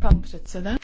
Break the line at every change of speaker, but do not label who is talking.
Pan předseda.